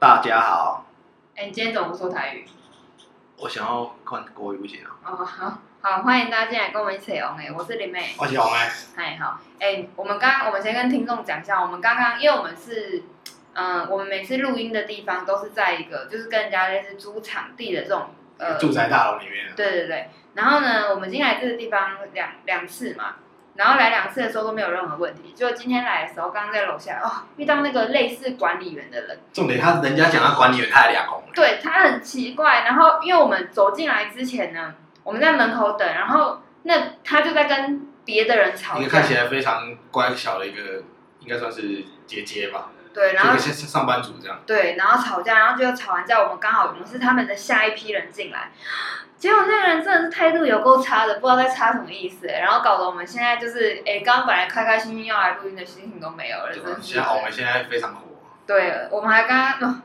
大家好，哎、欸，你今天怎麼不說台語？我想要看國語不行啊。哦，好好，歡迎大家進來跟我們一起哦，哎，我是林妹，我是黃誒，哎，好。哎、欸，我們剛剛，我們先跟聽眾講一下，我們剛剛，因為我們是，嗯、呃，我們每次錄音的地方都是在一個，就是跟人家類似租場地的這種、嗯、呃住宅大樓裡面。對對對，然後呢，我們今天來這個地方兩兩次嘛。然後來兩次的時候都沒有任何問題，就今天來的時候，剛剛在樓下哦，遇到那個類似管理員的人。重點他，他人家講他管理員，他太兩光了。對，他很奇怪。然後，因為我們走進來之前呢，我們在門口等，然後那他就在跟別的人吵架。一個看起來非常乖巧的一個，應該算是姐姐吧。對，然後是上班族這樣，對，然後吵架，然後就吵完架，我們剛好我們是他們的下一批人進來，結果那個人真的是態度有夠差的，不知道在差什麼意思，然後搞得我們現在就是，哎，剛剛本來開開心心要來錄音的心情都沒有了，真是。現在我們現在非常火。對，我們還剛剛。哦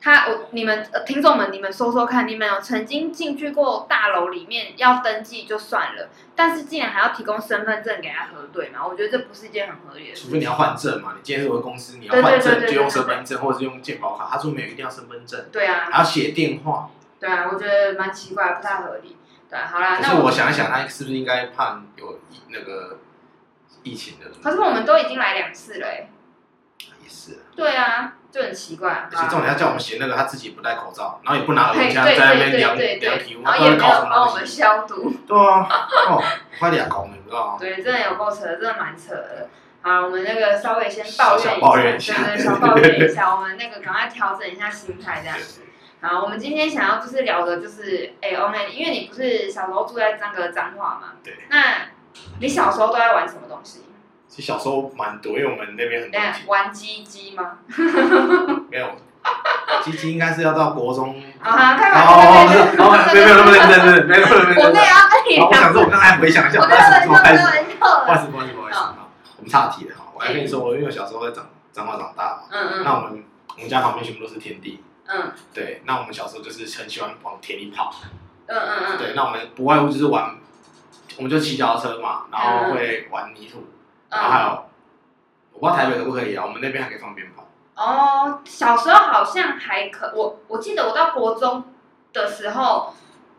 他我你們呃、聽眾們，你們說說看，你們有曾經進去過大樓裡面要登記就算了，但是竟然還要提供身份證給他核對嘛？我覺得這不是一件很合理的事情。除非你要換證嘛，你今天如果公司你要換證，嗯，就用身份證或者，對對對對或者是用健保卡。他說沒有一定要身份證。對啊。還要寫電話。對啊，我覺得蠻奇怪，不太合理。對，好啦，那我想一想，他是不是應該判有那個疫情的人？可是我們都已經來兩次了，欸是啊對啊，就很奇怪。其實重點，他叫我們寫那個，他自己不戴口罩，啊、然後也不拿個筆在，在那邊量，量體溫，然後也我們搞什麼垃圾。對啊， 哦哦、 快點講， 你知道嗎？對，真的有夠扯，真的蠻扯的。好，我們那個稍微先抱怨一下，想抱,抱怨一下，我們那個趕快調整一下心態，這樣子。對對對好，我們今天想要就是聊的，就是哎，歐、欸、妹、哦，因為你不是小時候住在那個彰化嘛？對那。那你小時候都在玩什麼東西？其實小時候蠻多，因為我們那邊很多玩雞雞嗎？ 沒有，雞雞應該是要到國中。 啊，開玩笑，開沒有，沒有，沒有，okay. 沒有,沒有，沒有，沒有，沒有。我沒,沒我想說我剛才回想一下。我開玩笑了，開玩笑了，萬萬萬萬萬萬萬。我們岔題了哈，我還跟你說，我因為小時候在漳漳港長大嘛。嗯嗯。那我們我們家旁邊全部都是田地。嗯。對，那我們小時候就是很喜歡往田裡跑。嗯嗯嗯。對，那我們不外乎就是玩，我們就騎腳車嘛，然後會玩泥土。啊、oh！Uh, 我不知道台北可不可以啊？Oh. 我們那邊還可以放鞭炮。哦、oh，小時候好像還可，我我記得我到國中的時候，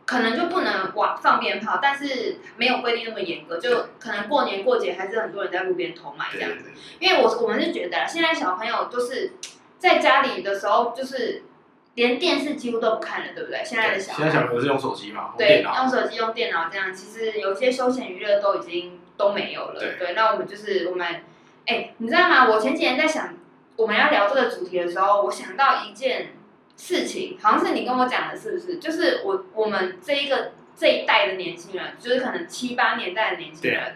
可能就不能往放鞭炮，但是沒有規定那麼嚴格，就可能過年過節還是很多人在路邊偷買這樣子。因為我我們是覺得、啊，現在小朋友都是在家裡的時候，就是連電視幾乎都不看了，對不對？現在的小朋友現在小朋友是用手機嘛，對，用手機用電腦這樣，其實有些休閒娛樂都已經。都沒有了對，對。那我們就是我們，哎、欸，你知道嗎？我前幾年在想，我們要聊這個主題的時候，我想到一件事情，好像是你跟我講的，是不是？就是我我們這一個這一代的年輕人，就是可能七八年代的年輕人。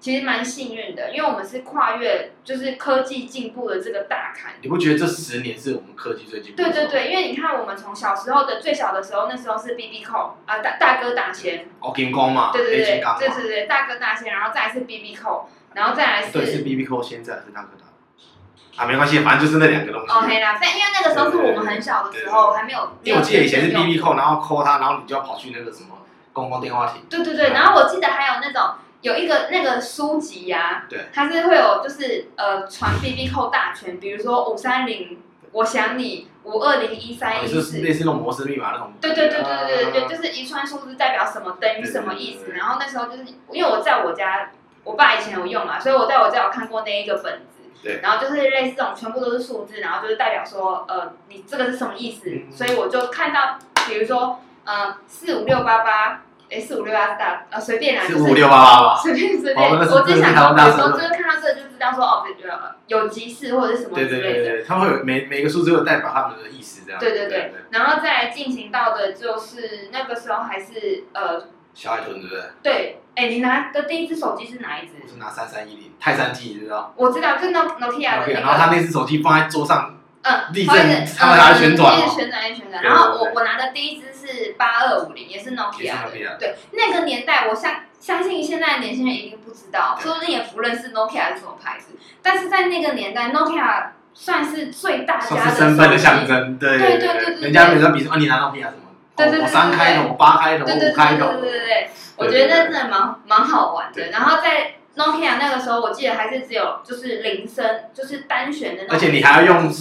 其實蠻幸運的，因為我們是跨越就是科技進步的這個大坎。你不覺得這十年是我們科技最進步？對對對，因為你看，我們從小時候的最小的時候，那時候是 BB call 啊，大大哥大先哦，金剛嘛，對對對對對,對,對大哥大先，然後再一次 BB call，然後再來是,是 BB call，現在是大哥大。啊，沒關係，反正就是那兩個東西。OK、哦、啦，但因為那個時候是我們很小的時候，對對對對對對對對還沒有因為我記得以前是 BB call，然後 call 它，然後你就要跑去那個什麼公共電話亭。對對對、嗯，然後我記得還有那種。有一個那個書籍呀、啊，它是會有就是呃傳 B B 扣大全，比如說五三零，我想你五二零一三一四，啊就是類似那種摩斯密碼那種。對對對對對、啊、對，就是一串數字代表什麼等於什麼意思對對對對對對？然後那時候就是因為我在我家，我爸以前有用嘛、啊，所以我在我家有看過那一個本子。對。然後就是類似這種全部都是數字，然後就是代表說呃你這個是什麼意思？嗯、所以我就看到比如說呃四五六八八。45688, 四、啊啊就是，五六八大，呃，隨便拿。是啦，隨便隨便，我只想說的有時候就是看到這個就知道說哦，對對對，有急事或者是什麼之類的。對對對，它會每每個數字有代表他們的意思，這樣對對對。對對對，然後再進行到的就是那個時候還是呃，小海豚，對不對？對，哎、欸，你拿的第一隻手機是哪一隻？我是拿三三一零，泰山機，你知道？我知道，就是 Nokia 的那個。Okay, 然後他那隻手機放在桌上，嗯，地震，然後它旋轉，旋轉，旋轉，然後我我拿的第一隻。是八二五零，也是 Nokia，也是 Nokia 對那個年代我，我相相信現在年輕人一定不知道，說不定也不認識 Nokia 是什麼牌子。但是在那個年代，Nokia 算是最大家的手機是身份的象徵，對對對對、對、對對對，人家比如說比說，哦，你拿 Nokia 什麼？對對對對對、對，我、哦、三開，我八開，我扒開，對對對對對對，我覺得那真的蠻對對對對蠻好玩的對對對對。然後在 Nokia 那個時候，我記得還是只有就是鈴聲，就是單選的那個，而且你還要用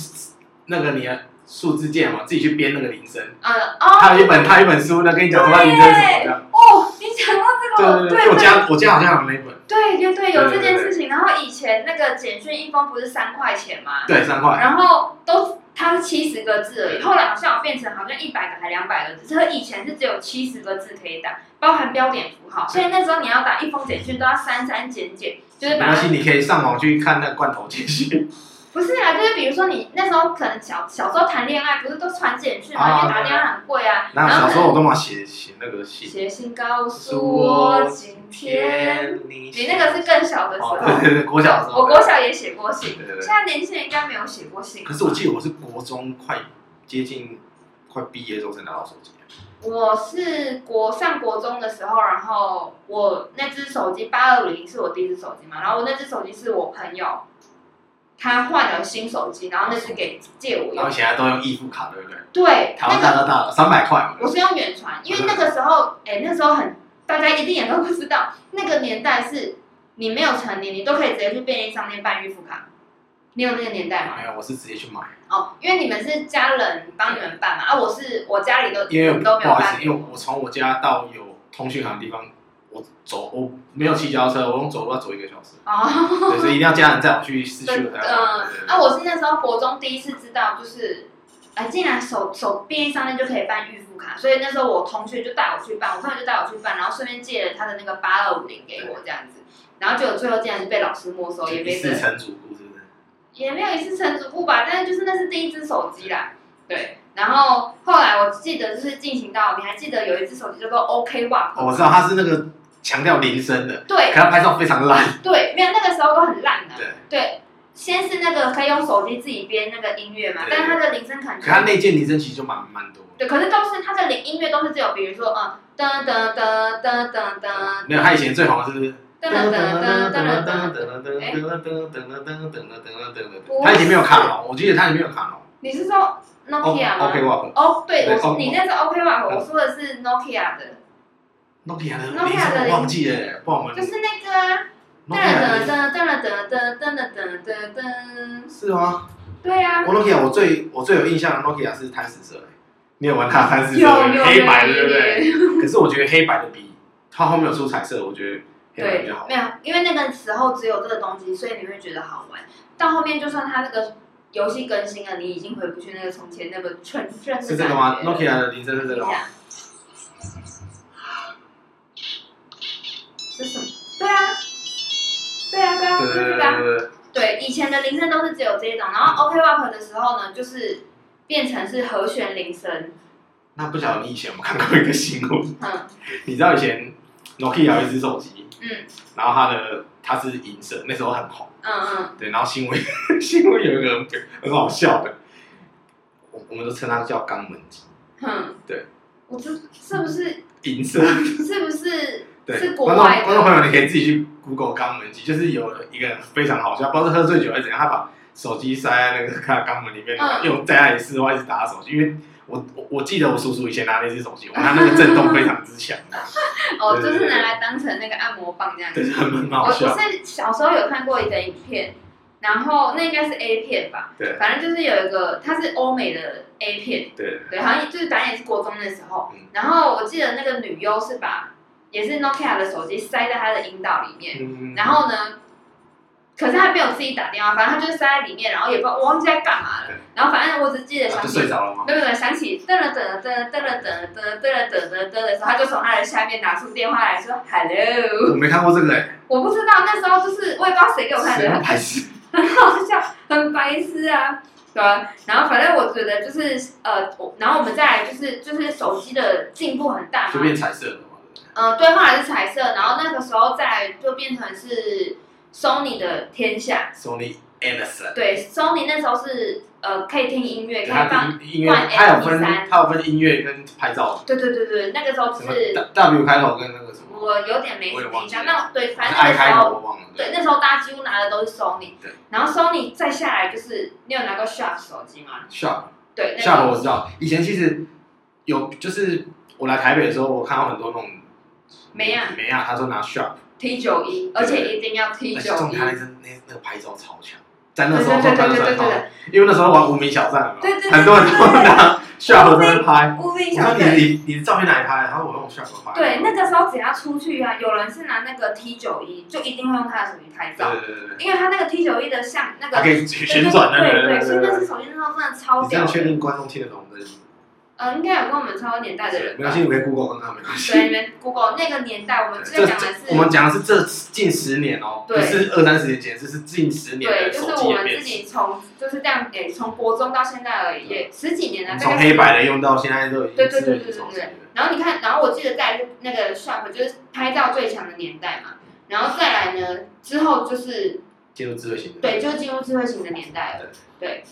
那個你的。數字鍵嘛，自己去編那個鈴聲。嗯、呃、哦。他有一本，他有一本書呢，跟你講說那鈴聲是什麼樣？哦，你講到這個。對，對，對我家對對對，我家好像有那本。對，對，對，對，對，對，有這件事情。然後以前那個簡訊一封不是三塊錢嗎？對，三塊。然後都它是七十個字而已，後來好像變成好像一百個還兩百個字，就是以前是只有七十個字可以打，包含標點符號。所以那時候你要打一封簡訊都要刪刪減減，就是把。沒關係，你可以上網去看那個罐頭簡訊。不是啊，就是比如說你那時候可能小小時候談戀愛，不是都傳簡訊嘛？因為打電話很貴啊,啊然後。那小時候我都嘛寫寫那個信？寫信告訴我今天，天你,你那個是更小的時候。哦、對,對,對，國小的時候。我國小也寫過信對對對對對，現在年輕人應該沒有寫過信。可是我記得我是國中快接近快畢業的時候才拿到手機。我是國上國中的時候，然後我那只手機八二零是我第一只手機嘛，然後我那只手機是我朋友。他換了新手機，然後那是給借我用。而且現在都用預付卡，對不對？對。台、那、灣、個、到了，三百塊對對。我是用遠傳，因為那個時候，哎，那時候很，大家一定也都不知道，那個年代是你沒有成年，你都可以直接去便利商店辦預付卡。你有那個年代嗎？沒有、哎，我是直接去買。哦，因為你們是家人幫你們辦嘛，啊，我是我家裡都因為有都沒有辦，因為我從我家到有通訊行的地方。我走，我沒有騎腳踏車，我用走路要走一個小時，oh, 對， 對，所以一定要家人帶我去市區。嗯、那，呃啊，我是那時候國中第一次知道，就是，哎，欸，竟然手手邊上面就可以辦預付卡，所以那時候我同學就帶我去辦，我上就帶我去辦，然後順便借了他的那個八二五零給我這樣子，然後結果最後竟然是被老師沒收，也沒是成，成主是不是？也沒有一次成主顧吧，但是就是那是第一隻手機啦對對，對。然後後來我記得就是進行到，你還記得有一隻手機叫做 OKWAP？我知道他是那個。強調鈴聲的，對，可他拍照非常爛。 對，沒有那個時候都很爛的。對，先是那個可以用手機自己編那個音樂嘛，但他的鈴聲感覺，可他那件鈴聲其實就蠻蠻多。對，可是都是他的鈴音樂都是只有，比如說，啊、嗯，噔噔噔噔噔噔，沒有，他以前最好的是噔噔噔噔噔噔噔噔噔噔噔噔噔噔噔噔噔，他以前沒有看哦，我記得他以前沒有看哦。你是說 Nokia 嗎？OK Walk 哦，對，我你那是 OK Walk 我說的是 Nokia 的。諾基亞的鈴聲，的，的忘記了，不好玩。就是那個、啊，噔噔噔噔噔噔噔噔噔。是嗎？對呀、啊。我諾基亞，我最我最有印象的諾基亞是貪食蛇，你有玩它貪食蛇，黑白對不對，對？可是我覺得黑白的比 它後面有出彩色，我覺得黑白比較好。沒有，因為那個時候只有這個東西，所以你會覺得好玩。到後面就算它那個遊戲更新了，你已經回不去那個從前那個純正。是這個嗎？諾基亞的鈴聲是這個嗎？是什麼對啊，對啊，對啊，對吧、啊啊？對，以前的鈴聲都是只有這一種，然後 OKWAP、嗯、的時候呢，就是變成是和弦鈴聲。那不曉得你以前有沒有看過一個新聞？嗯，你知道以前 Nokia 有一只手機、嗯，嗯，然後它的它是銀色，那時候很紅。嗯嗯。對，然後新聞 新聞有一個很好笑的，我們都稱它叫肛門機。哼、嗯，對，我這是不是銀色？是不是？是國外的觀眾觀眾朋友，你可以自己去 Google 肛門機，就是有一個非常好笑，不知道是喝醉酒還是怎樣，他把手機塞在那個他肛門裡面，用在他也是，他一直打手機，因為我我為我，我，我記得我叔叔以前拿那支手機，他 那個震動非常之強哦，哦，就是拿來當成那個按摩棒這樣子。就是很搞笑。哦。我是小時候有看過一個影片，然後那應該是 A 片吧，對，反正就是有一個，他是歐美的 A 片，對，對，好像就是導演是國中的時候，然後我記得那個女優是把。也是 Nokia 的手機塞在他的陰道裡面，嗯、然後呢，可是他沒有自己打電話，反正他就是塞在裡面，然後也不知道我忘記在幹嘛了。然後反正我只記得想起，沒有沒有想起，噔了噔了蹬了噔了蹬了噔了蹬了蹬的時候，他就從他的下面拿出電話來說 Hello。我沒看過這個哎，我不知道那時候就是我也不知道誰給我看的，會不會就是、很白痴， 很好笑，很白痴啊，對吧，然後反正我覺得就是呃，我、嗯，然後我們再來就是就是手機的進步很大，就變彩色了。呃、嗯，對，後來是彩色，然後那個時候再就變成是 Sony 的天下。Sony Ericsson。對，Sony 那時候是呃，可以聽音樂，可以放音樂，它有分它有分音樂跟拍照。對對對對，那個時候是。W 開頭跟那個什麼？我有點沒印象，那個、對，反正那個時候我忘了對，對那時候大家幾乎拿的都是 Sony。對。然後 Sony 再下來就是，你有拿過 Sharp 手機嗎？Sharp。Shot, 對。那個、Sharp 我知道，以前其實有，就是我來台北的時候，我看到很多那種。沒啊，沒啊，他說拿 Sharp T 九一，而且一定要 T 九一。重點他那張，那那個拍照超強，在那時候對對對對對，因為那時候玩無名小站嘛，對對,對,對,對,對很多人都會拿 Sharp 在那拍。無名小站，他說你你你的照片哪裡拍？然後我用 Sharp 拍。對，那個時候只要出去啊，有人是拿那個 T 九一，就一定會用他的手機拍照。對對對,對因為他那個 T 九一的像那個，他可以旋轉對對對,對,對,對對對，所以那是手機那時候真的超強。你要確定觀眾聽得懂是不是？嗯，應該有跟我們差不多年代的人吧？沒有進過 Google 跟他們。對，沒 Google 那個年代我，我們之前講的是。我們講的是這近十年哦、喔。不、就是二三十年前，這是近十年的。對，對，就是我們自己從就是這樣、欸，誒，從國中到現在而已、欸，十幾年了、啊。從、這個、黑白的用到現在都已經。對對對對對，對，對。然後你看，然後我記得在那個 Shop 就是拍照最強的年代嘛，然後再來呢，之後就是進入智慧型。對，就進入智慧型的年代了。對。對。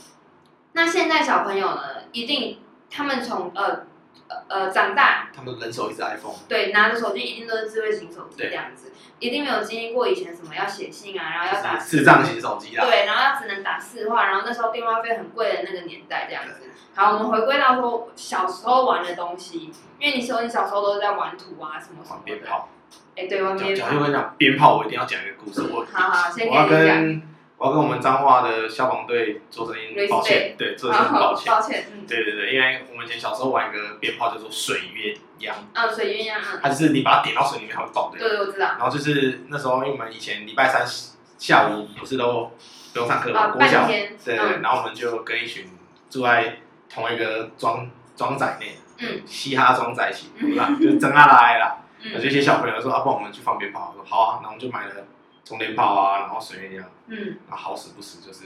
那現在小朋友呢，一定。他們從呃呃呃長大，他們人手一支 iPhone，對，拿着手機一定都是智慧型手機這樣子，一定沒有經歷過以前什麼要寫信啊，然後要打，啊，是帳，啊、型手機啊。對，然後只能打四話，然後那時候電話費很貴的那個年代這樣子。好，我們回歸到說小時候玩的東西，因為你說你小時候都是在玩土啊什麼什麼的，放鞭炮，哎、欸、對，放鞭炮。我跟你講，鞭炮我一定要講一個故事，好好，先給你講。我要跟我們彰化的消防隊做聲音，抱歉，對，做聲音抱歉，好好抱歉，對對對，因為我們以前小時候玩一個鞭炮叫做水鴛鴦，啊、嗯，水鴛鴦啊它就是你把它點到水裡面，它會爆，對，對，我知道。然後就是那時候，因為我們以前禮拜三下午不是都不用上課嘛，啊、嗯，半天，對，然後我們就跟一群住在同一個莊莊仔內，嗯，嘻哈莊仔一起，對、嗯、 就整下來啦，嗯，然後就一些小朋友說啊，不我們去放鞭炮，我說好啊，那我們就買了。充電炮啊，然後水一樣，嗯，它好死不死就是，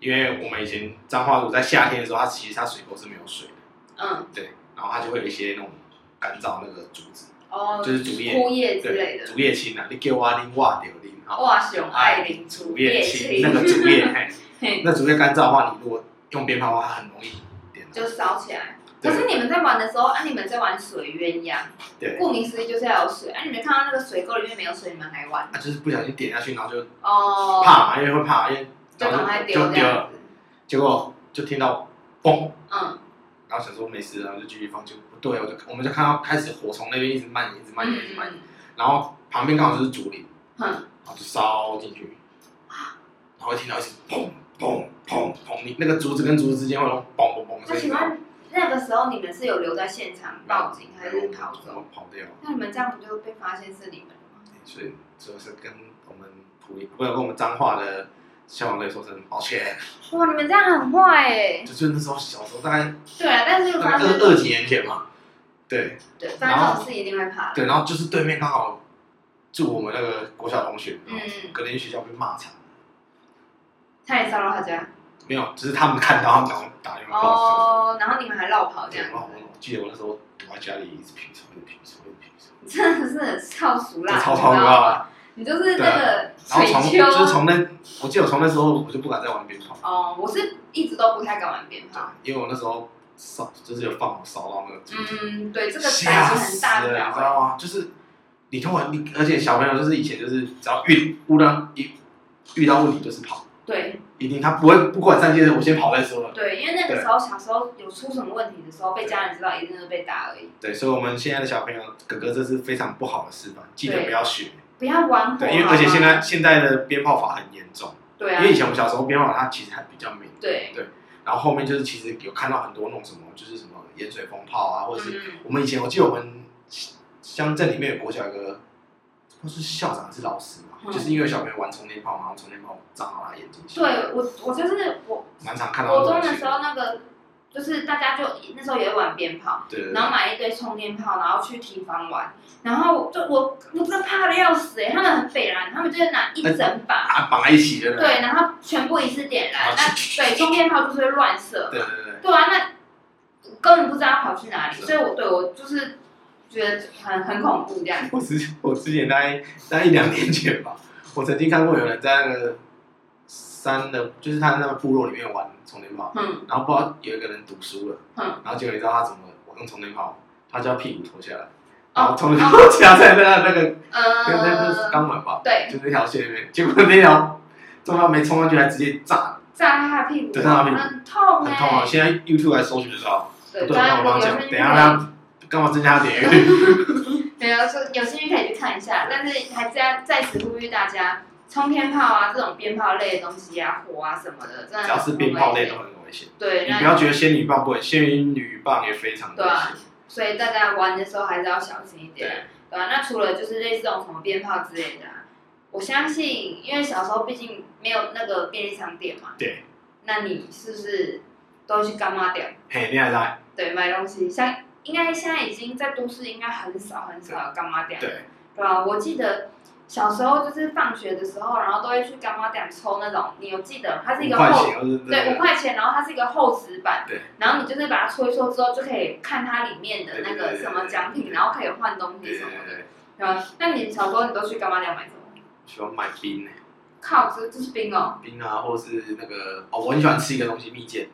因為我們以前彰化路，在夏天的時候，它其實它水溝是沒有水的，嗯，對，然後它就會有一些那種乾燥那個竹子，哦，就是竹葉枯葉之類的，竹葉青啊，你叫瓦丁瓦柳丁，哇熊愛林竹葉、啊、青， 那個竹葉葉， 嘿，那竹葉乾燥的話，你如果用鞭炮的話，它很容易點，就燒起來。可是你們在玩的時候，啊，你們在玩水鴛鴦，對，顧名思義就是要有水。啊，你沒看到那個水溝裡面沒有水，你們還玩？啊，就是不小心點下去，然後就哦，怕，因為會怕，因為就可能丟掉，掉。結果就聽到嘣，嗯，然後想說沒事，然後就繼續放。就不對，我就我們就看到開始火從那邊一直蔓延，一直蔓延，一直蔓延。然後旁邊剛好就是竹林，嗯，然後就燒進去。啊，然後會聽到一聲砰砰砰砰，你那個竹子跟竹子之間會有嘣嘣嘣，的。什麼？那個時候你們是有留在現場報警，嗯、還是跑走？嗯、跑掉。那你們這樣不就被發現是你們嗎？所以就是跟我們不是，跟我們彰化的消防隊說聲抱歉。哇，你們這樣很壞哎、欸！就是那時候小時候，大概對，但是就發生、那個、就是二幾年前嘛，對對，反正我是一定會怕。對，然後就是對面剛好住我們那個國小同學，嗯，隔壁學校被罵慘。才騷擾他家。沒有，只、就是他們看到，然後打電話報。我。Oh, 然後你們還落跑這樣。我記得我那時候躲在家裡，一直皮什麼，又皮什麼，又皮什麼。真的是超俗辣，你知道嗎？你就是那、這個。然後從就是從那，我記得我從那時候，我就不敢再玩鞭炮。哦、oh,，我是一直都不太敢玩鞭炮。因為我那時候燒，就是有放燒到那個。嗯，對，這個膽子很大，你知道嗎？就是你突然，你，我你而且小朋友就是以前就是只要遇烏當一遇到問題就是跑。對。一定，他不會不管三七的，我先跑再說了。對，因為那個時候小時候有出什麼問題的時候，被家人知道，一定是被打而已。對，所以我們現在的小朋友，哥哥這是非常不好的示範，記得不要學。不要玩火、啊。對，因為而且現在現在的鞭炮法很嚴重。對、啊、因為以前我們小時候鞭炮，它其實還比較明。對對。然後後面就是其實有看到很多那種什麼，就是什麼鹽水蜂炮啊，或者是我們以前，嗯、我記得我們鄉鎮裡面有國小一個。不是校長是老師嘛、嗯？就是因為小朋友玩充電炮，然後充電炮炸到他眼睛。對我，我就是我。蠻常看到。國中的時候，那個就是大家就那時候也會玩鞭炮，對，對，然後買一堆充電炮，然後去堤防玩，然後我就我我真的怕的要死哎、欸！他們很匪然，他們就是拿一整把綁、啊、在一起的，對，然後全部一次點燃，那、 啊、對，充電炮就是亂射，對對對，對，對啊，那根本不知道跑去哪裡，所以我對我就是。覺得很很恐怖這樣。我之前我之前在在一兩年前吧，我曾經看過有人在那個山的，就是他那個部落裡面玩沖天炮。嗯。然後不知道有一個人賭輸了。嗯。然後結果你知道他怎麼玩沖天炮，他叫屁股脫下來，然後從脫下來在那個哦、在那個，呃，在那那是肛門吧？對。就那條線裡面，結果那條他媽沒衝上去，還直接炸炸他的屁股。對炸他屁股。痛，哦，很痛，欸很痛。現在 YouTube 來搜尋的時候，對對對然後我剛剛講，嗯，等一下他。跟我增加點閱率。沒 有說有興趣可以去看一下，但是還是要再次呼籲大家，沖天炮啊這種鞭炮類的東西啊火啊什麼的，只要是鞭炮類都很危險。對，你不要覺得仙女棒不危險，仙女棒也非常危險。對、啊，所以大家玩的時候還是要小心一點、啊。對、對、啊、那除了就是類似這種什麼鞭炮之類的、啊，我相信，因為小時候畢竟沒有那個便利商店嘛，對。那你是不是都會去乾媽店？嘿，你還在？對，買東西像。應該現在已經在都市，應該很少很少有柑仔店，對吧？啊？我記得小時候就是放學的時候，然後都會去柑仔店抽那種。你有記得它是一個厚，這個，對，五塊錢，然後它是一個厚紙板，對。然後你就是把它搓一搓之後，就可以看它裡面的那個什麼獎品對對對對，然後可以換東西什麼的，對吧？那你小時候你都去柑仔店買什麼？喜歡買冰，欸，靠，這是這是冰哦？喔。冰啊，或是那個哦，我很喜歡吃一個東西，蜜餞。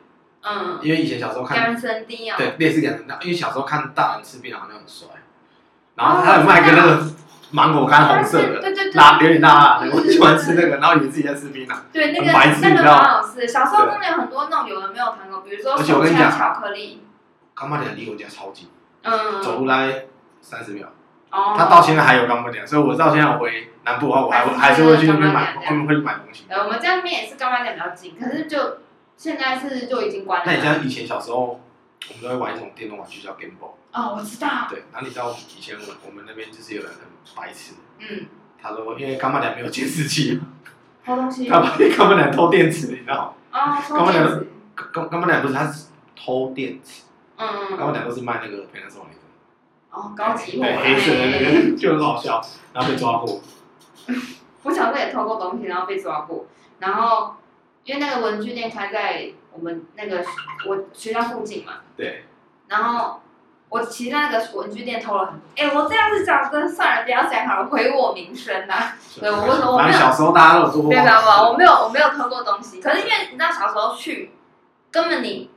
嗯，因為以前小時候看乾冰啊，對，類似乾冰，因為小時候看大人吃檳榔那很帥、喔，然後他還有賣個那個芒果乾紅色的，對對對，有點大辣。辣、就是，我喜歡吃那個，然後你們自己在吃檳榔，對那個白那個蠻好吃。小時候真的有很多那種有的沒有糖果，對比如說而且我跟你講巧克力，柑仔店離我家超近。嗯，走來三十秒，哦，他到現在還有柑仔店，所以我到現在回南部的話，我還會還是會去那邊買，會會買東西。呃，我們家那邊也是柑仔店比較近，可是就。現在是就已經關了。那像以前小時候，我們都會玩一種電動玩具叫 Game Boy、oh。哦，我知道。對，然後你知道我們以前我我們那邊就是有人很白痴。嗯。他說：“因為柑仔店沒有監視器、啊。”偷東西。柑仔店偷電池，然後。啊、oh，偷電池。柑、柑仔店不是，他是偷電池。嗯嗯。柑仔店都是賣那個的 Panasonic 那個。哦，高級貨。黑色的那個就很好笑，然後被抓過。我小時候也偷過東西，然後被抓過，然後。因為那個文具店開在我們那個我學校附近嘛。對。然後我其實那個文具店偷了很哎、欸，我這樣子講，真算了，不要講，好了毀我名聲啊、就是！對，我為什麼？小時候大家都有說。沒有我沒有我沒有偷過東西。可是因為你知道小時候去，根本你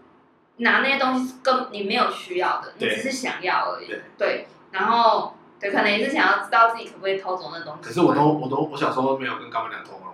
拿那些東西是根本你沒有需要的，你只是想要而已。對。對然後對，可能也是想要知道自己可不可以偷走那東西。可是我都我都我小時候都沒有跟高文良偷啊。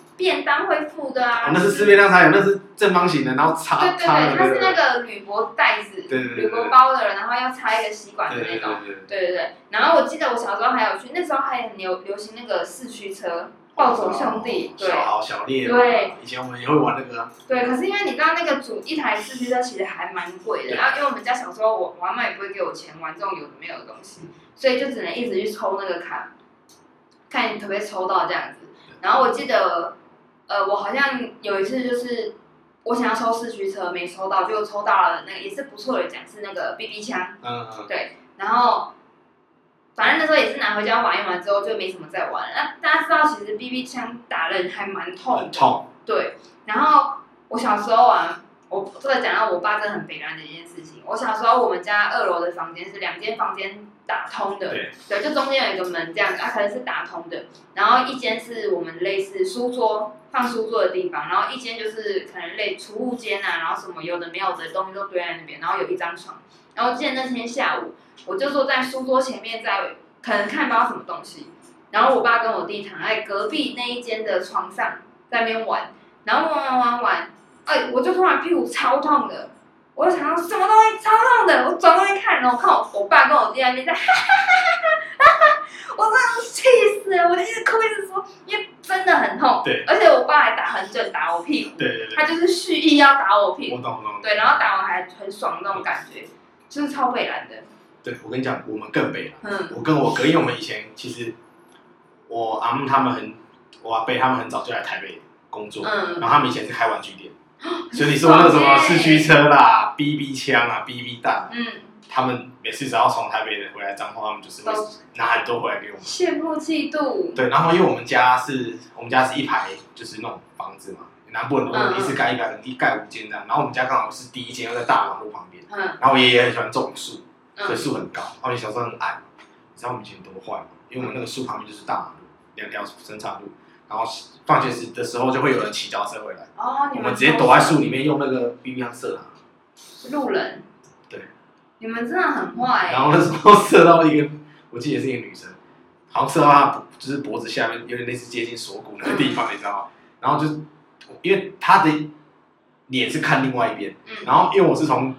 便當會附的啊，哦、那是市面上才有，那是正方形的，然後叉叉了。對對對，它是那個鋁箔袋子，對鋁箔包的，然後要插一個吸管的那種。對對對，對，然後我記得我小時候還有去，那時候還很流流行那個四驅車，暴走兄弟、哦哦哦，對，小豪小烈、啊，對，以前我們也會玩那個、啊。對，可是因為你知道那個組一台四驅車其實還蠻貴的，對然後因為我們家小時候我我媽也不會給我錢玩這種有的沒有的東西，嗯、所以就只能一直去抽那個卡，看你特別抽到這樣子。然後我記得。呃，我好像有一次就是，我想要抽四驅車沒抽到，就抽到了那個也是不錯的獎，是那個 BB 槍。Uh-huh. 對，然後，反正那時候也是拿回家玩一玩之後就沒什麼再玩了。那、啊、大家知道其實 BB 槍打人還蠻痛。很痛。對，然後我小時候啊，我這個講到我爸真的很悲哀的一件事情。我小時候我們家二樓的房間是兩間房間，打通的，對，就中間有一個門這樣子，它，啊、可能是打通的。然後一間是我們類似書桌放書桌的地方，然後一間就是可能類儲物間吶、啊，然後什麼有的沒有的東西都堆在那邊。然後有一張床。然後見那天下午，我就坐在書桌前面在，在可能看不到什麼東西。然後我爸跟我弟躺在隔壁那一間的床上，在那邊玩，然後玩玩玩玩，哎、欸，我就突然屁股超痛的。我想到什麼東西超痛的，我轉過去看，然後我看我我爸跟我弟在那邊在，哈哈哈哈哈,哈，哈我真的氣死了，我就一直哭，一直說，因為真的很痛，對，而且我爸還打很準，打我屁股，對對對，他就是蓄意要打我屁股，我懂我懂,我懂，對，然後打完還很爽那種感覺，就是超北爛的，對我跟你講，我們更北爛，嗯，我跟我哥，因為我們以前其實我阿姆他們很，我阿伯他們很早就來台北工作，嗯，然後他們以前是開玩具店。所以你說用那什麼四驅車啦、BB 槍啊、BB 彈，嗯，他們每次只要從台北回來張浩，他們就是會拿很多回來給我們，羨慕嫉妒。對，然後因為我們家是我們家是一排，就是那種房子嘛，南部很多一次蓋一排，一、嗯、蓋五間這樣。然後我們家剛好是第一間，又在大馬路旁邊。嗯，然後我爺爺很喜歡種樹，可是樹很高。而且小時候很矮，你知道我們以前多壞嗎？因為我們那個樹旁邊就是大馬路，兩條分岔路。然後放學時的時候，就會有人騎腳車回來。哦，你們直接躲在樹裡面，用那個 BB 槍射他。路人。對。你們真的很壞。然後那時候射到一個，我記得也是一個女生，好像射到她，就是脖子下面，有點類似接近鎖骨那個地方， 你知道嗎？然後就因為他的臉是看另外一邊、嗯，然後因為我是從。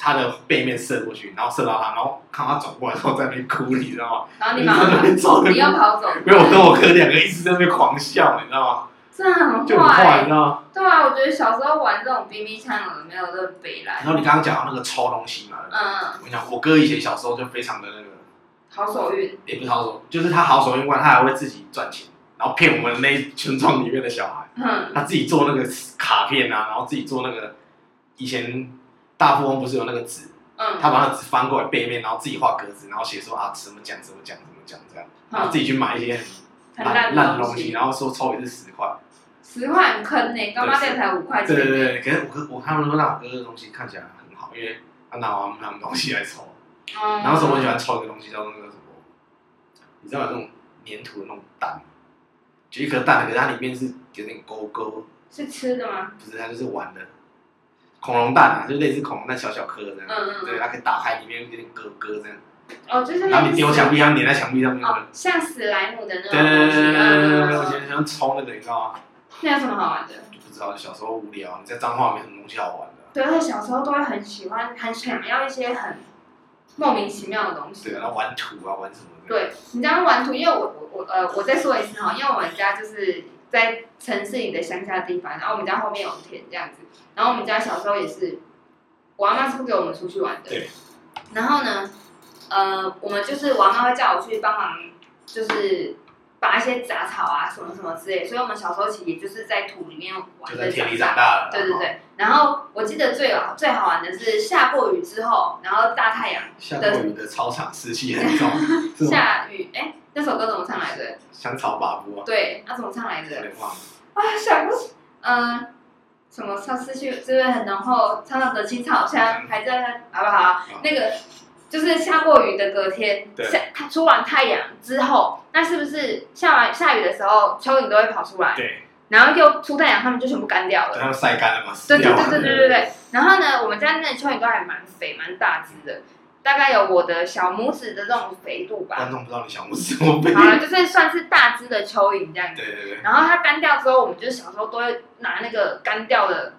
他的背面射過去，然後射到他，然後看他轉過來，然後在那哭，你知道嗎？然後你馬上你要跑走，因為我跟我哥兩個一直在那邊狂笑，你知道嗎？這很壞，就很壞，你知道嗎？對啊，我覺得小時候玩這種 BB 槍，有的沒有這麼悲哀。然後你剛剛講到那個超東西嘛，嗯，我跟你講我哥以前小時候就非常的那個，好手運，也、欸、不是好手，就是他好手運外，他還會自己賺錢，然後騙我們那村莊裡面的小孩，嗯，他自己做那個卡片啊，然後自己做那個以前。大富翁不是有那個紙、嗯，他把那個紙翻過來背面，然後自己畫格子，然後寫說啊，怎麼講，怎麼講，怎麼講這樣，然後自己去買一些很爛爛的東西，然後說抽也是十塊，十塊很坑呢，剛剛這才五塊錢？對，對對對，可是我我他們說那個東西看起來很好，因為他們拿他們東西來抽，嗯、然後說我喜歡抽一個東西叫做那個什麼，你知道有那種粘土的那種蛋，就一顆蛋，可是它裡面是有點勾勾，是吃的嗎？不是，它就是玩的。恐龍蛋啊，就類似恐龍蛋小小顆這樣，嗯嗯嗯對，它可以打開裡面有點咯咯這樣。哦，就那是那種。把你丟牆壁上，粘在牆壁上那種、哦。像史萊姆的那種東西、啊。對對對，對、啊嗯、我覺得像超那的，你知道嗎？那有什麼好玩的？不知道，小時候無聊，你在彰化沒什麼東西好玩的。對，而且小時候都會很喜歡，很想要一些很莫名其妙的東西。對，玩土啊，玩什麼？對你知道玩土，因為我我我呃，我再說一次哈，因為我們家就是。在城市裡的鄉下的地方，然後我們家後面有田這樣子，然後我們家小時候也是，我媽媽是不給我們出去玩的，然後呢，呃，我們就是我媽媽會叫我去幫忙，就是。拔一些雜草啊，什麼什麼之類，所以我們小時候其實就是在土裡面玩，就在田裡長大的，對對對、嗯。然後我記得最好最好玩的是下過雨之後，然後大太陽。下雨的操場濕氣很重。 下雨哎、欸，那首歌怎麼唱來着？ 香草吧步、啊、對，那、啊、怎麼唱來着、嗯？啊，想不起，嗯、呃，什麼超？它濕氣就是很濃厚，唱到的青草香還在，好不好，啊好？那個就是下過雨的隔天，對下出完太陽之後。那是不是下完下雨的時候，蚯蚓都會跑出來？對，然後又出太陽，他們就全部乾掉了。等它曬乾了嘛了，對對對對對對。然後呢，我們家那蚯蚓都還蠻肥、蠻大只的、嗯，大概有我的小拇指的這種肥度吧。觀眾不知道你小拇指多肥。好了，就是算是大只的蚯蚓這樣子。對對對。然後它乾掉之後，我們就是小時候都會拿那個乾掉的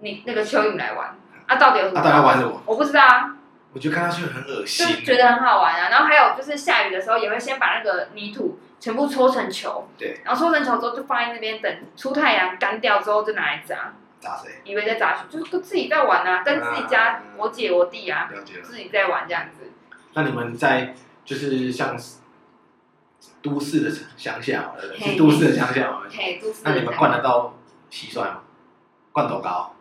那那個蚯蚓來玩、嗯。啊，到底有什麼、啊？大、啊、家玩什麼？我不知道啊。啊我覺得看上去很噁心、啊，就覺得很好玩啊。然後還有就是下雨的時候，也會先把那個泥土全部搓成球，對，然後搓成球之後就放在那邊等出太陽乾掉之後就拿來砸。砸誰？以為在砸雪，就是自己在玩啊，跟自己家我姐我弟啊，啊，了解了，自己在玩這樣子。那你們在就是像都市的鄉下好了是不是，okay, 是都市的鄉下好了，okay, 都市的鄉下好了, okay, 都市的鄉下，那你們灌得到蟋蟀嗎？灌多高？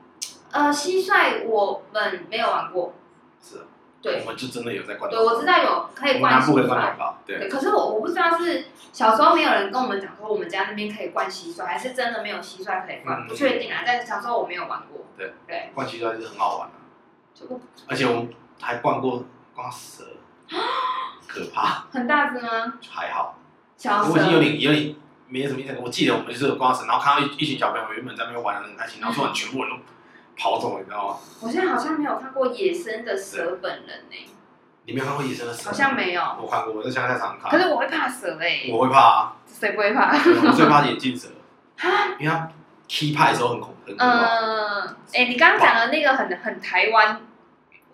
呃，蟋蟀我們沒有玩過，是、啊。對，我們就真的有在灌。對，我知道有可以灌蟋蟀，南部灌蟀，蟀南部對，對。可是我我不知道是小時候沒有人跟我們講說我們家那邊可以灌蟋蟀，還是真的沒有蟋蟀，蟀可以灌，嗯嗯、不確定啊。但是小時候我沒有玩過。對。對，灌蟋蟀是很好玩的、啊。而且我們還灌過光蛇，可怕。很大隻嗎？還好。小蛇。我已經有點有點沒什麼印象，我記得我們就是灌蛇，然後看到一,一群小朋友原本在那邊玩的、啊、很開心，然後突然全部人都。嗯跑走，你知道嗎？我現在好像沒有看過野生的蛇本人呢、欸。你沒有看過野生的蛇？好像沒有。我看過，我在鄉下常看。可是我會怕蛇嘞、欸。我會怕、啊，誰不會怕？我最怕眼鏡蛇， 因為它 T 派的時候很恐，很恐怖。嗯，哎、欸，你剛剛講的那個很很台灣。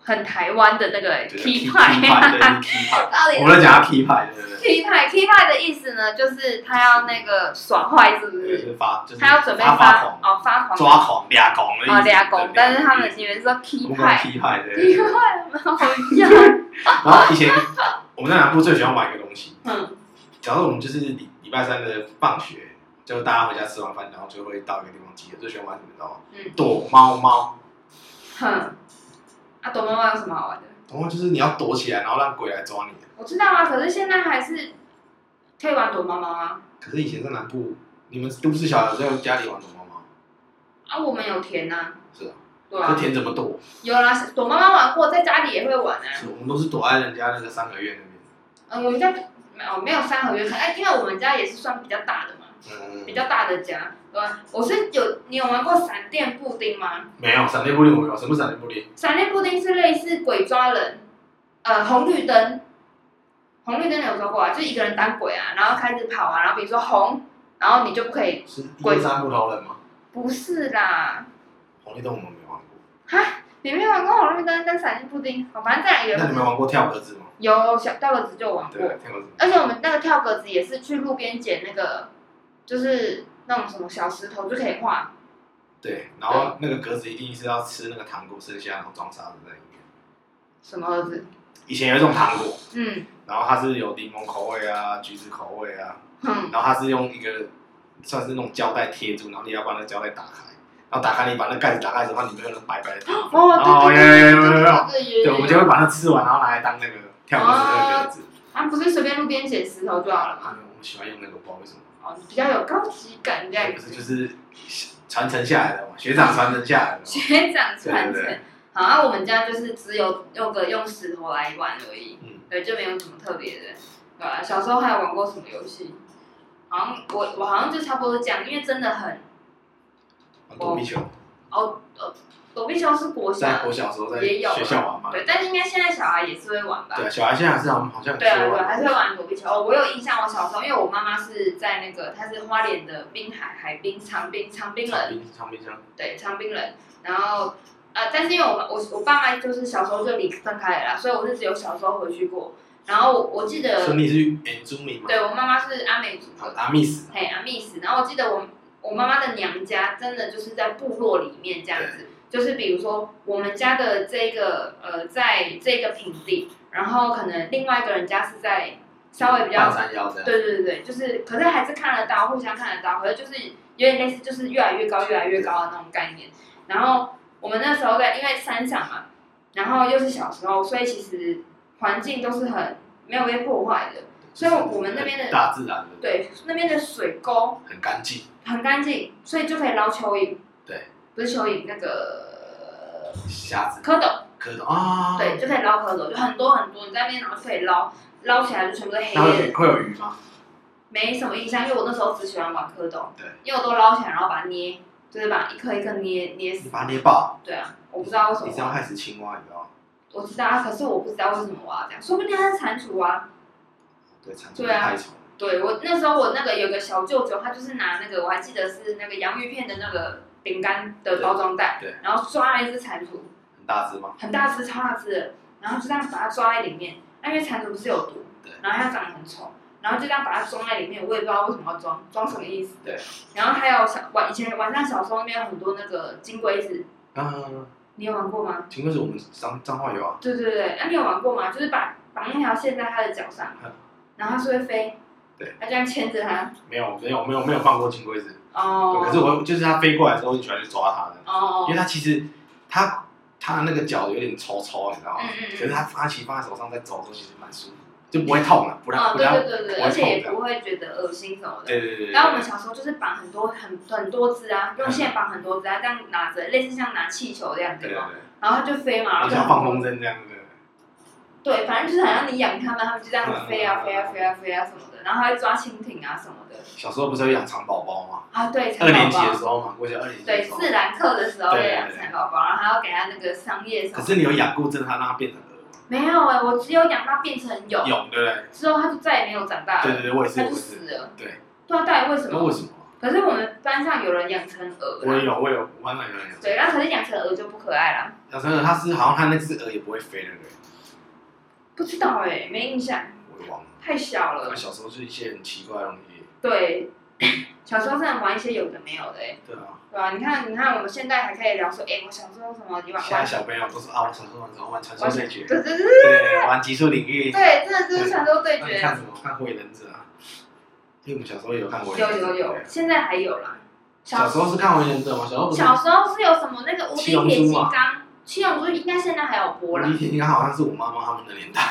很台灣的那個 p 派，pie, 我們在講要皮派的。皮派皮派的意思呢，就是他要那個耍壞，是不，就是？他要準備發，發狂哦，發狂抓狂抓狂，抓狂的意思哦抓狂。但是他們因為說皮派皮派皮派，他 pie, 對 然後以前 我們在南部最喜歡玩一個東西，嗯，假如我們就是禮禮拜三的放學，就大家回家吃完飯，然後就會到一個地方集合，最喜歡玩什麼？嗯，知道嗎躲貓貓，哼、嗯。啊，躲貓貓有什麼好玩的？躲貓貓就是你要躲起來，然後讓鬼來抓你。我知道啊，可是現在還是可以玩躲貓貓啊。可是以前在南部，你們都是小時候在家裡玩躲貓貓。啊，我們有田吶、啊。是啊。對啊。這田怎麼躲？有啦，躲貓貓玩過，在家裡也會玩呢、啊。是，我們都是躲在人家那個三合院那邊。嗯、呃，我們家哦沒有三合院，哎、欸，因為我們家也是算比較大的。嗯、比較大的家。對，我是有你有玩過閃電布丁嗎？沒有，閃電布丁我沒有，什麼閃電布丁？閃電布丁是類似鬼抓人，呃，紅綠燈，紅綠燈有玩過啊，就一個人當鬼啊，然後開始跑啊，然後比如說紅，然後你就不可以鬼是鬼抓不到人嗎？不是啦，紅綠燈我們沒玩過，哈，你沒有玩過紅綠燈跟閃電布丁，好、喔，反正這兩個，那你們玩過跳格子嗎？有，有小跳格子就玩過，跳格子，而且我們那個跳格子也是去路邊撿那個。就是那種什麼小石頭就可以畫。對，然後那個格子一定是要吃那個糖果剩下，然後裝沙子在裡面。什麼盒子？以前有一種糖果，嗯，然後它是有檸檬口味啊，橘子口味啊，嗯，然後它是用一個算是那種膠帶貼住，然後你要把那膠帶打開，然後打開你把那蓋子打開之後，裡面有那白白的。哦對對對、哦、yeah, yeah, yeah, yeah, yeah, yeah, yeah, yeah. 對我們就會把它吃完，然後拿來當那個跳舞的那個格子。哦、啊，不是隨便路邊撿石頭就好了嗎、啊？我喜歡用那個包，為什麼？哦、比較有高級感這樣子，就是傳承下來的，學長傳承下來的， 學長傳承。對對對，好、啊，我們家就是只有用個用石頭來玩而已，嗯、對，就沒有什麼特別的，對、啊、小時候還有玩過什麼遊戲？好像我我好像就差不多講，因為真的很，哦，哦，呃。躲避球是國小,在國小時候在我也有，學校玩嘛。對，但是應該現在小孩也是會玩吧？對，小孩現在還是好像,好像對啊，對還是會玩躲避球。哦，我有印象，我小時候，因為我媽媽是在那個，她是花蓮的濱海海濱長濱長濱人。濱長濱人。對，長濱人。然後，呃，但是因為我我我爸媽就是小時候就離分開了啦，所以我是只有小時候回去過。然後我記得。嗯、所以你是原住民嗎？對，我媽媽是阿美族。阿密斯。嘿，阿密斯。然後我記得我我媽媽的娘家真的就是在部落裡面這樣子。就是比如說，我們家的這個呃，在這個平地，然後可能另外一個人家是在稍微比較對、嗯、對對對，就是可是還是看得到，互相看得到，可是就是有點類似，就是越來越高，越來越高的那種概念。然後我們那時候在因為山上嘛，然後又是小時候，所以其實環境都是很沒有被破壞的，所以我們那邊的，大自然的，對，那邊的水溝很乾淨，很乾淨，所以就可以撈蚯蚓，對。那蚯蚓，那個蝦子、蝌蚪、蝌蚪啊、哦，對，就可以撈蝌蚪，就很多很多，你在那邊拿手可以撈，撈起來就全部都黑的。會有會有魚嗎？沒什麼印象，因為我那時候只喜歡玩蝌蚪。對。因為我都撈起來，然後把它捏，就是把一顆一顆捏捏死。把它捏爆？對啊，我不知道為什麼。你這樣害死青蛙，你知道嗎？我知道，啊，可是我不知道為什麼我、啊、要這樣，說不定它是蟾蜍啊。對蟾蜍，對啊。對，我那時候我那個有個小舅舅，他就是拿那個，我還記得是那個洋芋片的那個。餅乾的包裝袋對，對，然後抓了一隻蟾蜍，很大隻嘛，很大隻，超大隻的，然後就這樣把它抓在裡面。那、啊、因為蟾蜍不是有毒，對，然後它長得很醜，然後就這樣把它裝在裡面，我也不知道為什麼要裝，裝什麼意思？對。然後還有小玩，以前晚上小時候那邊有很多那個金龜子，嗯、啊，你有玩過嗎？金龜子，我們彰彰化有啊。對對對，那、啊、你有玩過嗎？就是把把那條線在它的腳上、啊，然後它是會飛，對，啊、就這樣牽着它。沒有沒有沒有沒有放過金龜子。哦、oh.，可是我就是它飛過來之後，你喜歡去抓它的。哦、oh. 因為它其實它它那個腳有點粗糙，你知道嗎？Mm -hmm. 可是它它其實放在手上在走路，其實蠻舒服，就不會痛了，不然、oh, 對對對對,對,對,對,對，而且也不會覺得噁心什麼的。對對對,對。然後我們小時候就是綁很多很很多只啊，用線綁很多只啊、嗯，這樣拿着，類似像拿氣球這樣子嘛。對對對。然後就飛嘛，然後就像放風箏這樣子。對，反正就是好像你養它們，它們就這樣飛啊 飛啊飛啊飛啊,飛啊,飛啊什麼。然後還抓蜻蜓啊什麼的。小時候不是有養蠶寶寶嗎？啊，對，蠶寶寶。二年級的時候嘛，我記得二年級。對，自然課的時候養蠶寶寶，然後還要給他那個桑葉什麼。可是你有養過真，他讓他變成蛾？沒有哎、欸，我只有養它變成蛹。蛹，對。之後他就再也沒有長大有。對對對，我也是，也是。它就死了。對。不知道到底為什麼。那為什麼？可是我們班上有人養成蛾。我也有，我也有，班上有人養。對，那可是養成蛾就不可愛了。養成蛾，它是好像它那隻蛾也不會飛那個。不知道哎、欸，沒印象。我忘了。太小了。那、啊、小時候是一些很奇怪的東西。對， 小時候在玩一些有的沒有的。對啊。對啊，你看，你看，我們現在還可以聊說，哎、欸，我小時候什麼你玩，玩？現在小朋友都是哦，小時候什麼玩？傳說對決。對，對，對，對，對，對玩極速領域。對，真的是傳說對決。對看什麼？看火影忍者啊。因為我們小時候也有看過我，有有有，現在還有啦。小時候，小時候是看火影忍者嗎？小時候小時候是有什麼那個無敵鐵金剛？七龍珠嗎？七龍珠應該現在還有播啦。無敵鐵金剛好像是我媽媽他們的年代。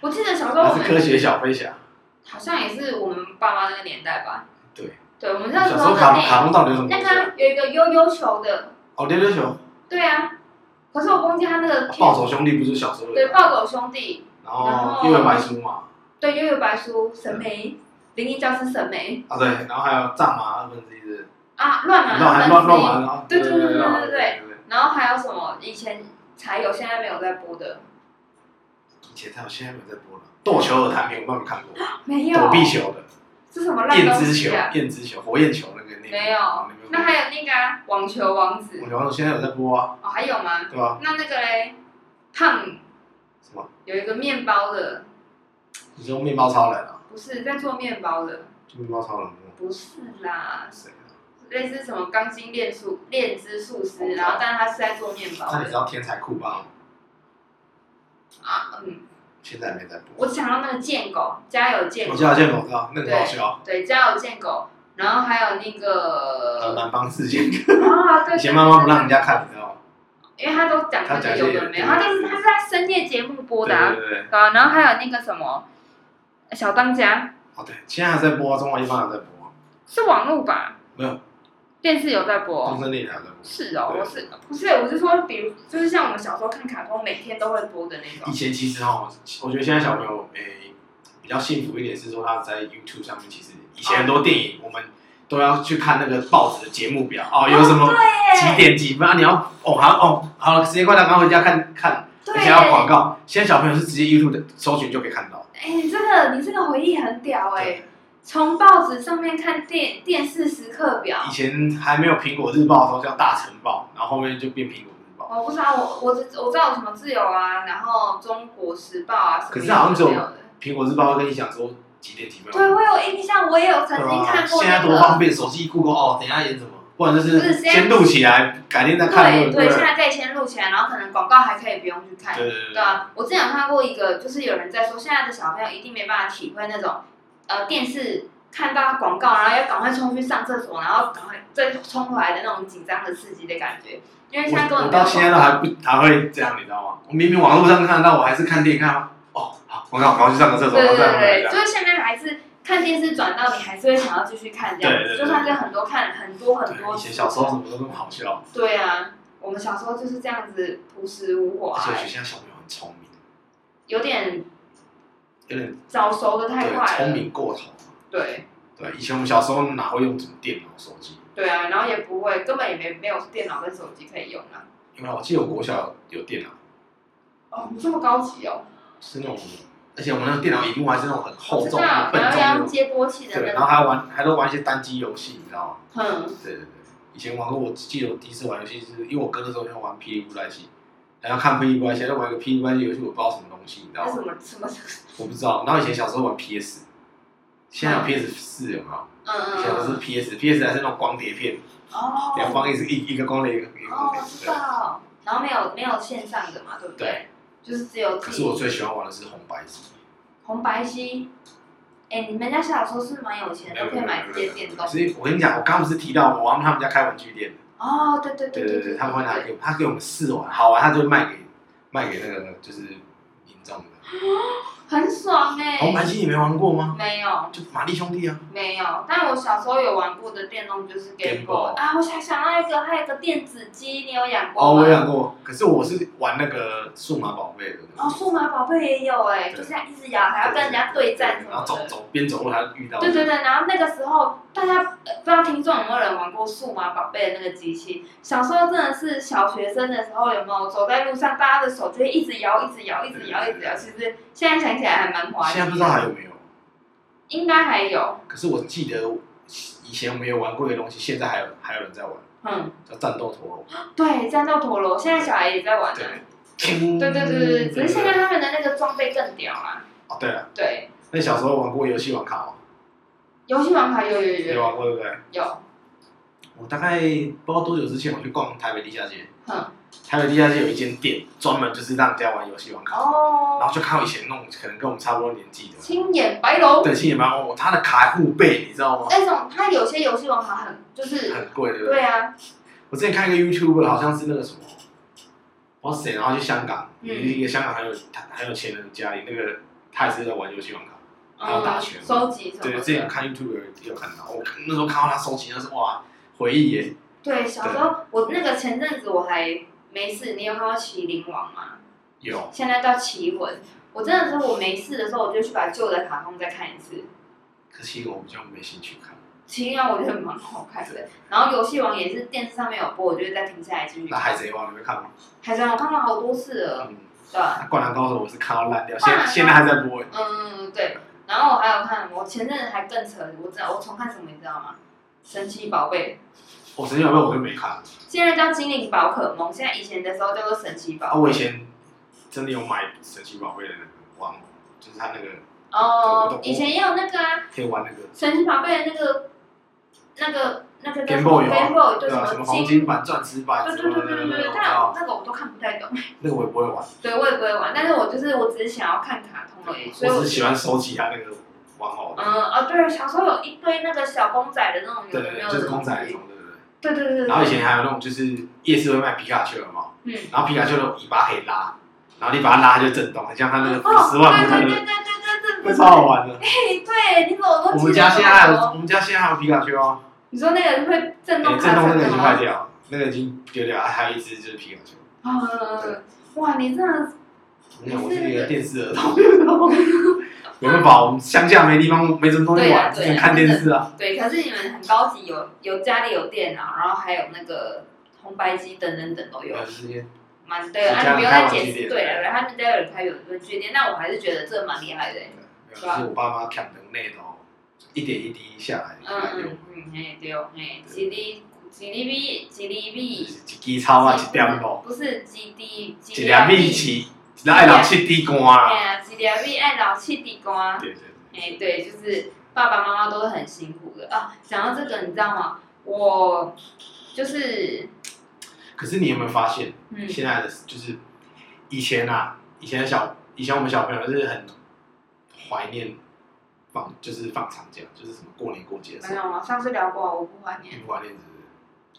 我記得小時候，我是科學小飛俠，好像也是我們爸媽那個年代吧。對，對，我們那時候，那、啊、小時候卡通卡通到底有什麼東西，啊。那個有一個悠悠球的。哦，溜溜球。對啊，可是我忘記他那個。暴、哦、走兄弟不是小時候的。對，暴走兄弟，然後幽遊白書嘛。對，幽遊白書，神眉，靈異教師神眉。啊，對，然後還有戰馬二分之一的。啊，亂馬二分之一。對對對對對對，對對對對，然後還有什麼？以前才有，現在沒有在播的。他我現在有在播了，躲球的他沒有我幫你看過、啊沒有，躲避球的，這什麼、啊、電之球、電之球、火焰球那個那個沒有那，那還有那個啊，網球王子，網球王子現在有在播啊。哦還有嗎？對啊。那那個嘞，燙，什麼？有一個麵包的，你是用麵包超人啊？不是在做麵包的，做麵包超人嗎不是啦，是、啊。類似什麼鋼筋煉術、煉之術師，然後但他是在做麵包，那你知道天才酷吧？啊嗯，現在沒在播。我想要那個《賤狗》，家有賤狗。我家有賤狗，對啊，那很、個、好笑。對，家有賤狗，然後還有那個《南方四賤。啊、哦，對。以前媽媽不讓人家看，你知道嗎？因為他都講的內容。然後他些他，他是在深夜節目播的、啊，對對、對、對，然後還有那個什麼小當家。哦，對，現在還在播、啊，中華一番也在播、啊。是網絡吧？沒有。電視有在播、哦，東森那台在播。是哦，我是不是？我是說，比如就是像我們小時候看卡通，每天都會播的那種。以前其實哦，我覺得現在小朋友、欸、比較幸福一點，是說他在 YouTube 上面其實以前很多電影，我們都要去看那個報紙的節目表、啊、哦，有什麼幾點幾分、哦、幾分啊，你要哦、哦好哦好了，時間快到，趕快回家看看，而且要廣告。現在小朋友是直接 YouTube 的搜尋就可以看到。哎、欸，這個你這個回憶很屌哎、欸。從報紙上面看電電視時刻表，以前還沒有蘋果日報的時候叫大成報，然後後面就變蘋果日報。我不知道，我、啊、我知我，我知道有什麼自由啊，然後中國時報啊有有，可是好像只有蘋果日報會跟你講說幾點幾分。對，我有印象，我也有曾經看過、那個。現在多方便，手機 google 哦，等下演什麼，或者就是先錄起來，改天再看。對對，現在再先錄起來，然後可能廣告還可以不用去看。對啊，我之前有看過一個，就是有人在說，現在的小朋友一定沒辦法體會那種。呃，電視看到廣告，然後要趕快衝去上廁所，然後趕快再衝回來的那種緊張的刺激的感覺。因為現在跟我，我到現在都還不還會這樣、嗯，你知道嗎？我明明網絡上看到，我還是看電視看嗎？哦好好，好，我趕快去上個廁所，對對對，就是現在還是看電視轉到你還是會想要繼續看這樣子，對對對，就算是很多看很多很多。以前小時候怎麼都那麼好笑。對啊，我們小時候就是這樣子樸實無華、啊。所以現在小朋友很聰明，有點。有點早熟的太快，聰明過頭，對對，以前我們小時候哪會用什麼電腦、手機？對啊，然後也不會，根本也沒沒有電腦跟手機可以用啊。因為我記得我國小有，有電腦，哦，你這麼高級哦。是那種，而且我們那個電腦的螢幕還是那種很厚重、哦、這笨重那種。對，然後還玩，還都玩一些單機遊戲，你知道嗎？哼、嗯，對對對。以前玩過，我記得我第一次玩遊戲是因為我哥那時候要玩霹靂布袋戲。然後看 PUBG 現在玩個 PUBG 遊戲，我不知道什麼東西，你知道嗎？什麼什麼什麼？我不知道。然後以前小時候玩 PS，現在有 PS 四、嗯、有沒有？嗯嗯。以前是 PS，PS PS 還是那種光碟片。哦。兩方碟是一個、哦、一,一個光碟一個光碟。哦，知道。然後沒有沒有線上的嘛，對不對？對就是只有。可是我最喜歡玩的是紅白機。紅白機，哎、欸，你們家小時候是蠻有錢，的，可以買一些電動。所以我跟你講，我剛不是提到我王他們家開玩具店。哦，對對對對對，對對對他們會拿給他給我們試玩，好玩，啊，他就賣給賣給那個就是民眾。很爽哎、欸！哦，藍心你沒玩過嗎？沒有。就瑪莉兄弟啊。沒有，但我小時候有玩過的電動，就是 Game Boy。啊，我想想到一、那個，還有個電子雞，你有養過嗎？哦，我養過，可是我是玩那個數碼寶貝的。哦，數碼寶貝也有哎、欸，就是一直搖，還要跟人家對戰什麼的。然後走走邊走路還要遇到。對對對，然後那個時候大家、呃、不知道聽眾有沒有人玩過數碼寶貝的那個機器、嗯？小時候真的是小學生的時候，有沒有走在路上，大家的手就會一直搖，一直搖，一直搖，一直搖，其實。是，現在想起來還蠻懷念的。現在不知道還有沒有？應該還有。可是我記得以前沒有玩過的東西，現在還有還有人在玩。嗯。叫戰鬥陀螺。對，戰鬥陀螺，現在小孩也在玩、啊。對對對對,對,對,對,對,對,對對對，只是現在他們的那個裝備更屌了。哦，對了。對了。那小時候玩過遊戲王卡嗎、哦？遊戲王卡有有有。有玩過對不對？有。我大概不知道多久之前，我去逛台北地下街。哼、嗯。還有地下室有一間店，專門就是讓人家玩遊戲王卡、哦，然後就看到以前那種可能跟我們差不多年紀的青眼白龍，對青眼白龍、哦，他的卡還護貝你知道嗎？那種他有些遊戲王卡很就是很貴，對不對？對啊。我之前看一個 YouTube，好像是那個什麼，哇塞，然後去香港，一、嗯、個香港很有他很有錢人，家裡，那個他也是在玩遊戲王卡，然後打拳、哦、收集什麼？對，之前我看 YouTube 有看到，我那時候看到他收集那、就是哇，回憶耶。對，對小時候我那個前陣子我還。沒事，你有看到《棋靈王》嗎？有。現在叫《棋魂》，我真的是我沒事的時候，我就去把舊的卡通再看一次。可是《棋魂》我就沒興趣看。棋啊，我覺得蠻好看的。然後《遊戲王》也是電視上面有播，我就再停下來繼續看。那海賊王有沒有看過《海賊王》？你會看嗎？海賊王我看了好多次了，嗯、對他、啊、灌籃高手》我是看到爛掉，現、啊、現在還在播、欸。嗯，對。然後我還有看，我前陣子還更扯，我知道我重看什麼，你知道嗎？《神奇寶貝》。哦、神奇寶貝我就沒看。現在叫精靈寶可夢，現在以前的時候叫做神奇寶、啊。我以前真的有買神奇寶貝的那個玩偶，就是他那個哦、這個。哦，以前也有那個啊。可以玩那個。神奇寶貝的那個，那個那個叫什麼？黃金版、鑽石版？對對對對對對對、對、對對，對對對，但那個我都看不太懂。那個我也，我也不會玩。對，我也不會玩，但是我就是我，只是想要看卡通而已。所以我，我是喜歡收集下那個玩偶的。嗯哦，對，小時候有一堆那個小公仔的那種，對對、對有沒有，就是公仔那種。對，對對對，然後以前還有那種，就是夜市會賣皮卡丘嘛，然後皮卡丘的尾巴可以拉，然後你把它拉就震動了，很、哦、像它那個十萬伏特、那個、對對對對的，會超好玩的。哎，對，你怎麼我都記得、哦、我們家現在還有，我們家現在還有皮卡丘哦。你說那個會震動、欸，震動那個已經壞掉，那個已經丟掉了，還有一只就是皮卡丘。啊、呃，哇，你那。有我是一個電視兒童， 有沒辦，我們鄉下沒地方，沒什麼東西玩，只能、啊啊啊、看電視啊的。對，可是你們很高級，有有家裡有電腦，然後還有那個紅白機等等等都有。有時間。蠻對啊，不用再解釋。對啊你，然後家裡有人還有個接電，那我還是覺得這蠻厲害的。就是我爸媽強的力哦，一點一滴下來。嗯嗯嗯，嘿對嘿。幾釐幾釐米幾釐、就是啊、米？一 G 超啊一點多。不是 G D G L B。愛老七地瓜啦！哎呀，是了，必愛老吃地瓜。對對，對。哎、欸，對，就是爸爸媽媽都是很辛苦的啊。想到這個，你知道嗎？我就是。可是你有沒有發現？嗯。現在的就是以前啊，以前的小以前我們小朋友就是很懷念放，就是放長假，就是什麼過年過節的時候。沒有啊，上次聊過啊，我不懷念。不懷念。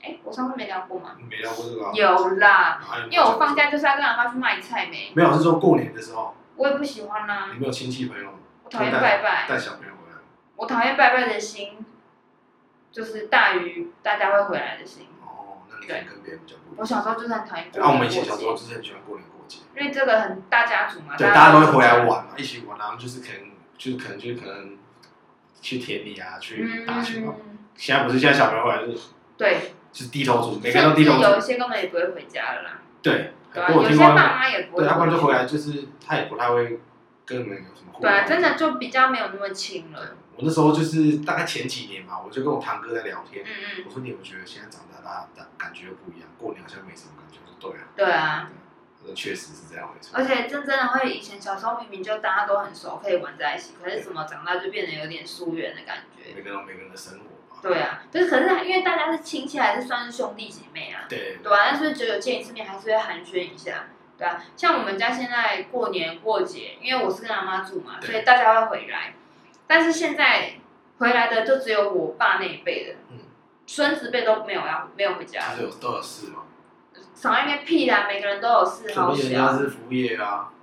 哎，我上次沒聊過嗎？沒聊過這個、啊。有啦有，因為我放假就是要跟老爸去賣菜沒？沒有，是說過年的時候。我也不喜歡啦、啊。你沒有親戚朋友嗎？我討厭拜拜帶。帶小朋友回來。我討厭拜拜的心，就是大於大家會回來的心。哦，那你敢跟別人講過？我小時候就是很討厭過,過、嗯。啊，我們以前小時候就是很喜歡過年過節，因為這個很大家族嘛，對，大家,大家都會回來玩嘛、啊，一起玩、啊，然後就是可能，就是可能，就是可能,、就是、可能去田裡啊，去打球嘛、啊嗯。現在不是現在小朋友回來就是、嗯、對。就是低頭族，每個人都低頭族。有一些根本也不會回家了啦。對，對，對啊、我聽有些爸媽也不會，要不然就回來，就是他也不太會跟你們有什麼互動。對，對，真的就比較沒有那麼親了。我那時候就是大概前幾年嘛，我就跟我堂哥在聊天，嗯嗯，我說，你有沒有覺得現在長大大感感覺又不一樣？過年好像沒什麼感覺，對啊？對啊，確實是這樣。而且真真的會，以前小時候明明就大家都很熟，可以玩在一起，可是怎麼長大就變得有點疏遠的感覺？每個人每個人的生。對啊，就可是可是因為大家是親戚還是算是兄弟姐妹啊？對。對啊，但是久久見一次面還是會寒暄一下，對啊。像我們家現在過年過節，因為我是跟阿嬤住嘛，所以大家會回來。但是現在回來的就只有我爸那一輩的，嗯、孫子輩都沒有啊，沒有回家。他是有都有事嗎？廠一面屁啦，每個人都有事，好。像是服務業啊？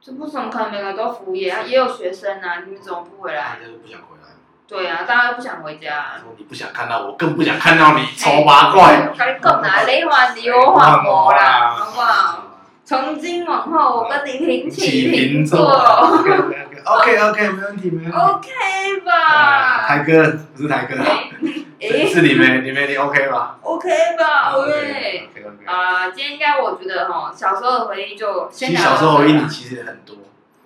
就不怎麼可能？每個人都服務業、啊，也也有學生啊？你們怎麼不回來？啊、不想回來。對啊，大家都不想回家、啊。如果你不想看到我，我更不想看到你，醜、欸、八怪。該幹嘛嘞？換、哦、你換我，我啦，嗯、好不好從今往後，我跟你平起平坐。平坐 okay, okay, OK OK，沒問題，沒問題。OK 吧。台、啊、哥，不是台哥、欸、是，是你們，你們你 OK 吧？OK 吧、啊、，OK, okay。Okay, 啊，今天應該我覺得哈，小時候的回憶就先其實小時候回憶，你其實很多。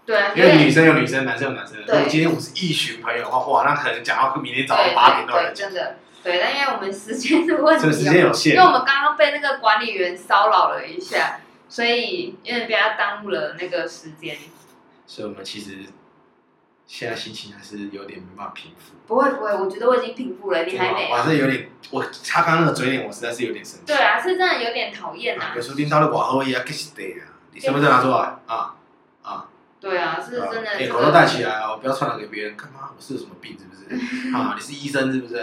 對，因為女生有女生，男生有男生。如果今天我是一群朋友的話，哇，那可能講到明天早上八點都有人講。對，對，真的。對，那因為我們時間的問題，因為，我們剛剛被那個管理員騷擾了一下，所以因為被他耽誤了那個時間。所以我們其實現在心情還是有點沒辦法平復。不會不會，我覺得我已經平復了，你還沒、啊。我還是有點，我他剛那個嘴臉，我實在是有點生氣。對、啊，是真的有點討厭啊。這領導的我號也確實。對啊，你身份證拿出來啊。對啊，是，是真的。哎、欸，口罩戴起來哦，我不要傳染給別人。幹嘛？我是什麼病？是不是？ 啊，你是醫生是不是？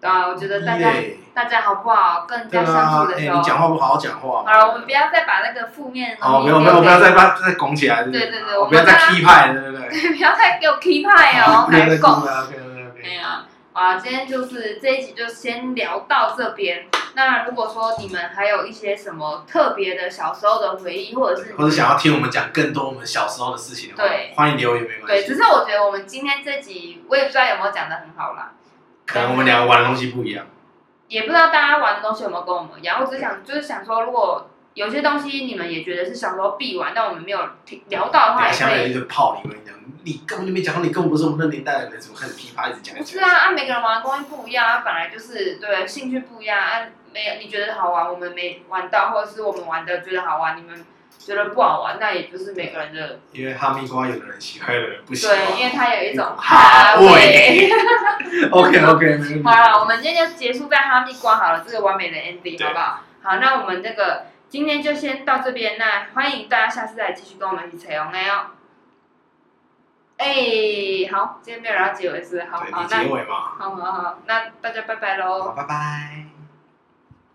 對啊，我覺得大家大家好不好？跟人家相處的時候，啊欸、你講話不好好講話。好了，我們不要再把那個負面的東西。哦、喔，沒有沒有，不要再再再拱起來是不是。對對對，我不要再氣派，對對對，不要再給我氣派哦，不要拱。哎呀，啊，今天就是這一集，就先聊到這邊。那如果說你們還有一些什麼特別的小時候的回憶或，或者是，或者想要聽我們講更多我們小時候的事情的話，對，歡迎留言沒關係。對，只是我覺得我們今天這集我也不知道有沒有講得很好啦，可能我們兩個玩的東西不一樣，也不知道大家玩的東西有沒有跟我們一樣。我只想就是想說，如果有些東西你們也覺得是小時候必玩，但我們沒有聽聊到的話也，哎、哦，相當於一個炮林一樣，你根本就沒講。你跟我們說我們的年代的人怎麼開始噼啪一直講，一講，一講？不是啊，啊，每個人玩的東西不一樣，啊，本來就是對，興趣不一樣、啊沒有，你覺得好玩，我們沒玩到，或者是我們玩的覺得好玩，你們覺得不好玩，那也就是每個人的。因為哈密瓜，有的人喜歡，有的人不喜歡。對，因為它有一種哈味。 OK OK，好了，okay, 好 okay. 我們今天就結束在哈密瓜好了，這個完美的 ending，好不好？好，那我們這個今天就先到這邊，那歡迎大家下次再繼續跟我們一起彩虹 A 哦。哎，好，今天沒有人要結尾是？好好，結尾嘛，那好好好，那大家拜拜嘍，好拜拜。Bye bye